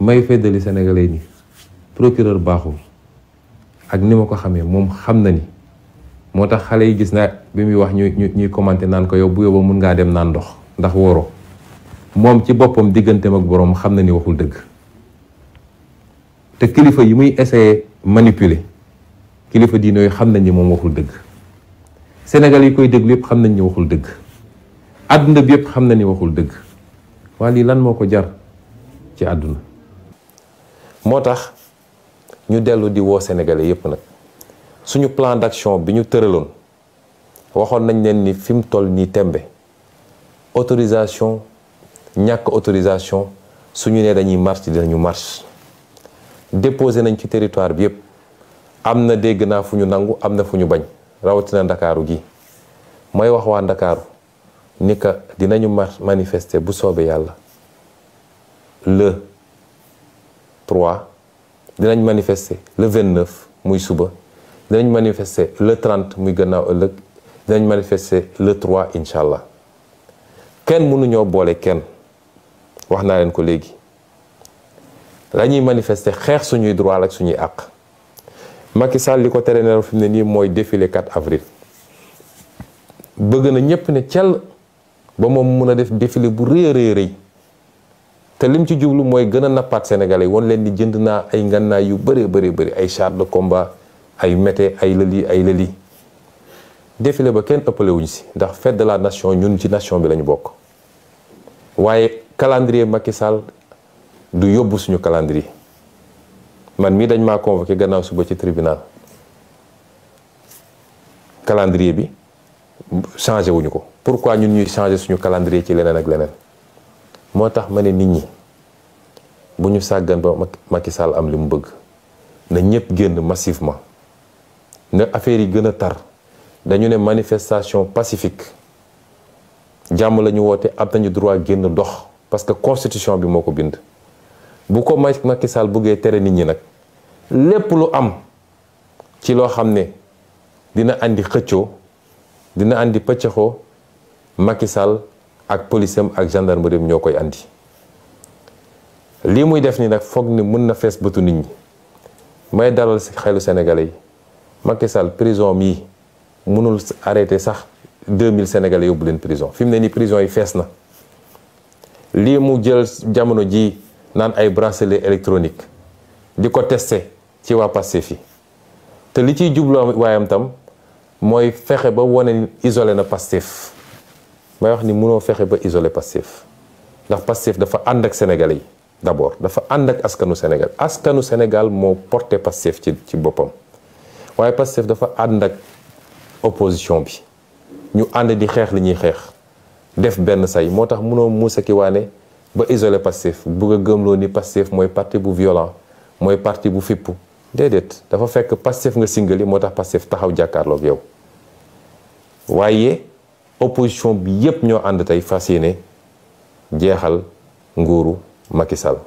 may feddali sénégalais ni procureur baaxul ak ni ma ko xamee moom xam na ni moo tax xale yi gis naa bi muy wax ñuy ñuy commenté naan ko yow bu yóbbu mun ngaa dem naan ndox ndax woro moom ci boppam digganteem ak boroom xam na ni waxul dëgg te kilifa yi muy essayé manipule kilifa diine yooyu xam nañ ni moom waxul dëgg Sénégal yi koy déglu yëpp xam nañ ni waxul dëgg àdduna bi yëpp xam na ni waxul dëgg waa lii lan moo ko jar ci àdduna moo tax ñu dellu di woo sénégalais yépp nag suñu plan d'action bi ñu tëraloon waxoon nañ leen ni fi mu toll nii tembe autorisation ñàkk autorisation suñu nee dañuy marche dinañu marche déposé nañ ci territoire bi yépp am na dégg naa fu ñu nangu am na fu ñu bañ rawatina ndakaaru gi may wax waa ndakaaru ni ka dinañu mar manifester bu soobee yàlla 3 dinañ manifester le 29 muy suba dinañ manifester le 30 muy gannaaw ëllëg dinañ manifester le 3 incha allah kenn mënuñoo boole kenn wax naa leen ko léegi dañuy ñuy manifester xeex suñuy droit ak suñuy àq Macky Sall li ko tere nelaw fi ne nii mooy défilé 4 avril bëgg na ñëpp ne cell ba moom mun a def défilé bu rëy a rëy te lim ci jublu mooy gën a nappaat sénégalais yi wan leen ni jënd naa ay nganaay yu bëree bëri bëri ay char de combat ay mété ay lëli ay lëli défilé ba kenn ëppale si ndax fête de la nation ñun ci nation bi lañu bokk waaye calendrier Macky Sall du yóbbu suñu calendrier man mii dañ maa convoqué gannaaw suba ci tribunal calendrier bi changé wuñu ko pourquoi ñun ñuy changé suñu calendrier ci leneen ak leneen moo tax ma ne nit ñi bu ñu sàggan ba Macky am li mu bëgg na ñëpp génn massivement na affaire yi gën a tar dañu ne manifestation pacifique jàmm lañu ñu woote am nañu droit génn dox parce que constitution bi moo ko bind bu ko Macky Sall bëggee tere nit ñi nag lépp lu am ci loo xam ne dina indi xëccoo dina indi pëccëxoo Macky ak police am ak gendarmerie am ñoo koy andi lii muy def nii nag foog ni mën na fees bëtu nit ñi may dalal si xelu sénégalais yi Macky Sall prison mii mënul arrêté sax mille sénégalais yóbbu leen prison fi ne nii prison yi fees na lii mu jël jamono ji naan ay bracelet électronique di ko teste ci waa Pastef yi te li ciy jublu waayam tam mooy fexe ba wane isolé na Pastef may wax ni mënoo fexe ba isoler Pastef ndax Pastef dafa ànd ak Sénégalais yi d'abord dafa ànd ak askanu Sénégal askanu Sénégal moo porté Pastef ci ci boppam waaye Pastef dafa ànd ak opposition bi ñu ànd di xeex li ñuy xeex def benn say moo tax mënoo muusa ki waane ba isolé Pastef bugg a gëmloo ni Pastef mooy parti bu violent mooy parti bu fippu déedéet dafa fekk Pastef nga singali moo tax Pastef taxaw jàkkaarloog yow opposition bi yépp ñoo ànd tey fas yéene jeexal nguuru makisal